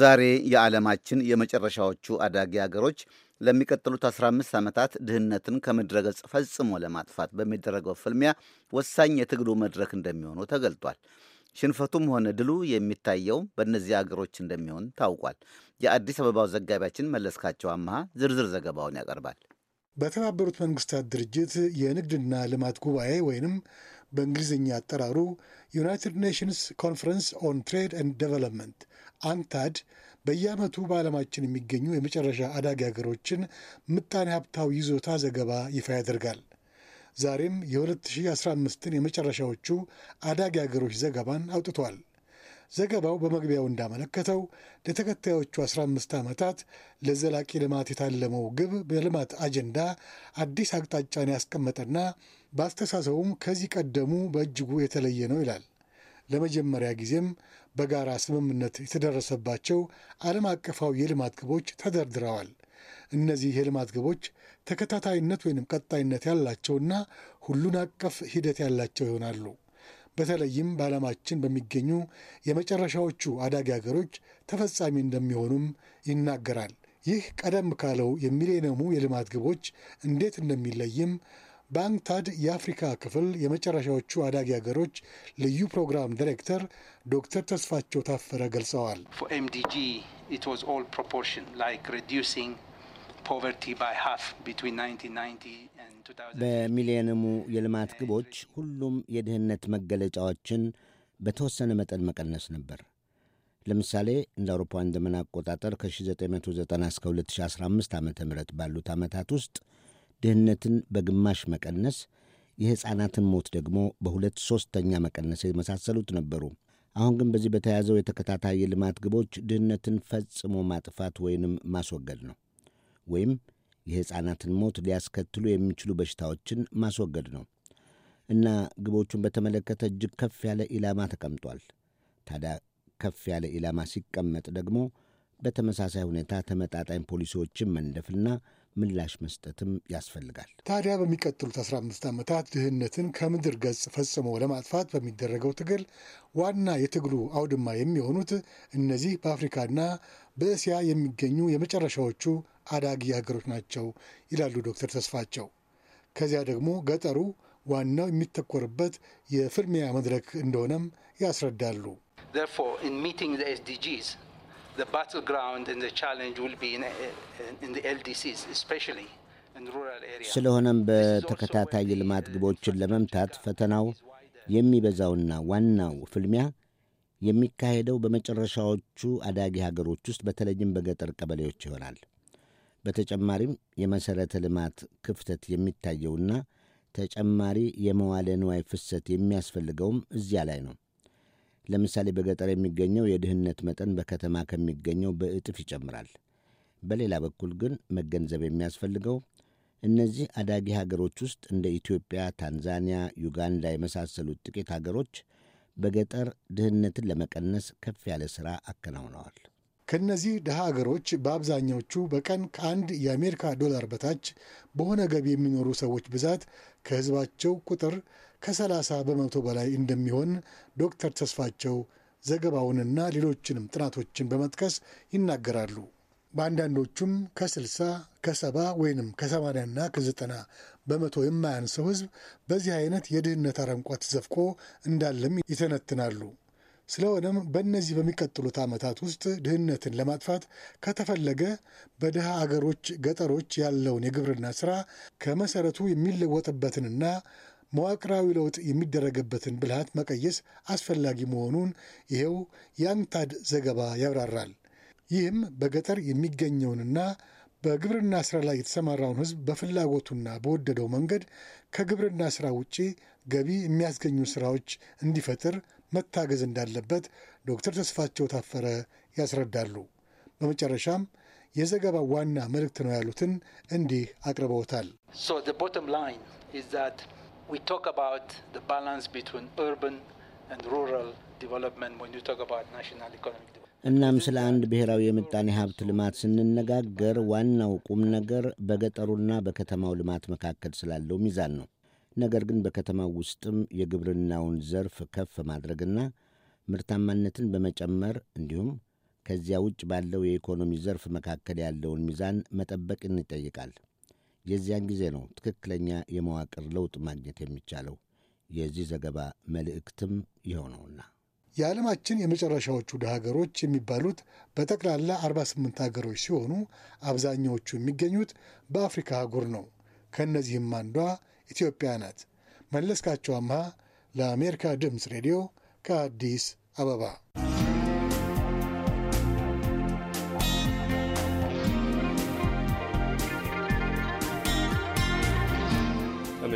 ዛሬ የዓለማችን የመጨረሻዎቹ አዳጊ አገሮች ለሚቀጥሉት 15 ዓመታት ድህነትን ከምድረገጽ ፈጽሞ ለማጥፋት በሚደረገው ፍልሚያ ወሳኝ የትግሉ መድረክ እንደሚሆኑ ተገልጧል። ሽንፈቱም ሆነ ድሉ የሚታየው በእነዚህ አገሮች እንደሚሆን ታውቋል። የአዲስ አበባው ዘጋቢያችን መለስካቸው አመሃ ዝርዝር ዘገባውን ያቀርባል። በተባበሩት መንግስታት ድርጅት የንግድና ልማት ጉባኤ ወይንም በእንግሊዝኛ አጠራሩ ዩናይትድ ኔሽንስ ኮንፈረንስ ኦን ትሬድ ኤንድ ዴቨሎፕመንት አንታድ በየዓመቱ በዓለማችን የሚገኙ የመጨረሻ አዳጊ ሀገሮችን ምጣኔ ሀብታዊ ይዞታ ዘገባ ይፋ ያደርጋል። ዛሬም የ2015ን የመጨረሻዎቹ አዳጊ ሀገሮች ዘገባን አውጥቷል። ዘገባው በመግቢያው እንዳመለከተው ለተከታዮቹ 15 ዓመታት ለዘላቂ ልማት የታለመው ግብ በልማት አጀንዳ አዲስ አቅጣጫን ያስቀመጠና በአስተሳሰቡም ከዚህ ቀደሙ በእጅጉ የተለየ ነው ይላል። ለመጀመሪያ ጊዜም በጋራ ስምምነት የተደረሰባቸው ዓለም አቀፋዊ የልማት ግቦች ተደርድረዋል። እነዚህ የልማት ግቦች ተከታታይነት ወይንም ቀጣይነት ያላቸውና ሁሉን አቀፍ ሂደት ያላቸው ይሆናሉ። በተለይም በዓለማችን በሚገኙ የመጨረሻዎቹ አዳጊ ሀገሮች ተፈጻሚ እንደሚሆኑም ይናገራል። ይህ ቀደም ካለው የሚሌኒየሙ የልማት ግቦች እንዴት እንደሚለይም በአንታድ የአፍሪካ ክፍል የመጨረሻዎቹ አዳጊ ሀገሮች ልዩ ፕሮግራም ዲሬክተር ዶክተር ተስፋቸው ታፈረ ገልጸዋል። በሚሊየንሙ የልማት ግቦች ሁሉም የድህነት መገለጫዎችን በተወሰነ መጠን መቀነስ ነበር። ለምሳሌ እንደ አውሮፓውያን ዘመን አቆጣጠር ከ1990 እስከ 2015 ዓ ም ባሉት ዓመታት ውስጥ ድህነትን በግማሽ መቀነስ፣ የሕፃናትን ሞት ደግሞ በሁለት ሦስተኛ መቀነስ የመሳሰሉት ነበሩ። አሁን ግን በዚህ በተያዘው የተከታታይ የልማት ግቦች ድህነትን ፈጽሞ ማጥፋት ወይንም ማስወገድ ነው ወይም የሕፃናትን ሞት ሊያስከትሉ የሚችሉ በሽታዎችን ማስወገድ ነው እና ግቦቹን በተመለከተ እጅግ ከፍ ያለ ኢላማ ተቀምጧል። ታዲያ ከፍ ያለ ኢላማ ሲቀመጥ ደግሞ በተመሳሳይ ሁኔታ ተመጣጣኝ ፖሊሲዎችን መንደፍና ምላሽ መስጠትም ያስፈልጋል። ታዲያ በሚቀጥሉት 15 ዓመታት ድህነትን ከምድር ገጽ ፈጽሞ ለማጥፋት በሚደረገው ትግል ዋና የትግሉ አውድማ የሚሆኑት እነዚህ በአፍሪካና በእስያ የሚገኙ የመጨረሻዎቹ አዳጊ ሀገሮች ናቸው ይላሉ ዶክተር ተስፋቸው። ከዚያ ደግሞ ገጠሩ ዋናው የሚተኮርበት የፍልሚያ መድረክ እንደሆነም ያስረዳሉ። ስለሆነም በተከታታይ ልማት ግቦችን ለመምታት ፈተናው የሚበዛውና ዋናው ፍልሚያ የሚካሄደው በመጨረሻዎቹ አዳጊ ሀገሮች ውስጥ በተለይም በገጠር ቀበሌዎች ይሆናል። በተጨማሪም የመሠረተ ልማት ክፍተት የሚታየውና ተጨማሪ የመዋለ ንዋይ ፍሰት የሚያስፈልገውም እዚያ ላይ ነው። ለምሳሌ በገጠር የሚገኘው የድህነት መጠን በከተማ ከሚገኘው በእጥፍ ይጨምራል። በሌላ በኩል ግን መገንዘብ የሚያስፈልገው እነዚህ አዳጊ ሀገሮች ውስጥ እንደ ኢትዮጵያ፣ ታንዛኒያ፣ ዩጋንዳ የመሳሰሉት ጥቂት ሀገሮች በገጠር ድህነትን ለመቀነስ ከፍ ያለ ሥራ አከናውነዋል። ከእነዚህ ድሃ አገሮች በአብዛኛዎቹ በቀን ከአንድ የአሜሪካ ዶላር በታች በሆነ ገቢ የሚኖሩ ሰዎች ብዛት ከህዝባቸው ቁጥር ከ30 በመቶ በላይ እንደሚሆን ዶክተር ተስፋቸው ዘገባውንና ሌሎችንም ጥናቶችን በመጥቀስ ይናገራሉ። በአንዳንዶቹም ከ60 ከ70 ወይንም ከ80ና ከ90 በመቶ የማያንሰው ህዝብ በዚህ አይነት የድህነት አረንቋ ተዘፍቆ እንዳለም ይተነትናሉ። ስለሆነም በእነዚህ በሚቀጥሉት ዓመታት ውስጥ ድህነትን ለማጥፋት ከተፈለገ በድሃ አገሮች ገጠሮች ያለውን የግብርና ሥራ ከመሠረቱ የሚለወጥበትንና መዋቅራዊ ለውጥ የሚደረግበትን ብልሃት መቀየስ አስፈላጊ መሆኑን ይኸው የአንታድ ዘገባ ያብራራል። ይህም በገጠር የሚገኘውንና በግብርና ስራ ላይ የተሰማራውን ህዝብ በፍላጎቱና በወደደው መንገድ ከግብርና ስራ ውጪ ገቢ የሚያስገኙ ስራዎች እንዲፈጥር መታገዝ እንዳለበት ዶክተር ተስፋቸው ታፈረ ያስረዳሉ። በመጨረሻም የዘገባው ዋና መልእክት ነው ያሉትን እንዲህ አቅርበውታል። እናም ስለ አንድ ብሔራዊ የምጣኔ ሀብት ልማት ስንነጋገር ዋናው ቁም ነገር በገጠሩና በከተማው ልማት መካከል ስላለው ሚዛን ነው። ነገር ግን በከተማው ውስጥም የግብርናውን ዘርፍ ከፍ ማድረግና ምርታማነትን በመጨመር እንዲሁም ከዚያ ውጭ ባለው የኢኮኖሚ ዘርፍ መካከል ያለውን ሚዛን መጠበቅ እንጠይቃል። የዚያን ጊዜ ነው ትክክለኛ የመዋቅር ለውጥ ማግኘት የሚቻለው። የዚህ ዘገባ መልእክትም የሆነውና የዓለማችን የመጨረሻዎቹ ድሃ ሀገሮች የሚባሉት በጠቅላላ 48 ሀገሮች ሲሆኑ አብዛኛዎቹ የሚገኙት በአፍሪካ አህጉር ነው። ከእነዚህም አንዷ ኢትዮጵያ ናት። መለስካቸው አምሃ ለአሜሪካ ድምፅ ሬዲዮ ከአዲስ አበባ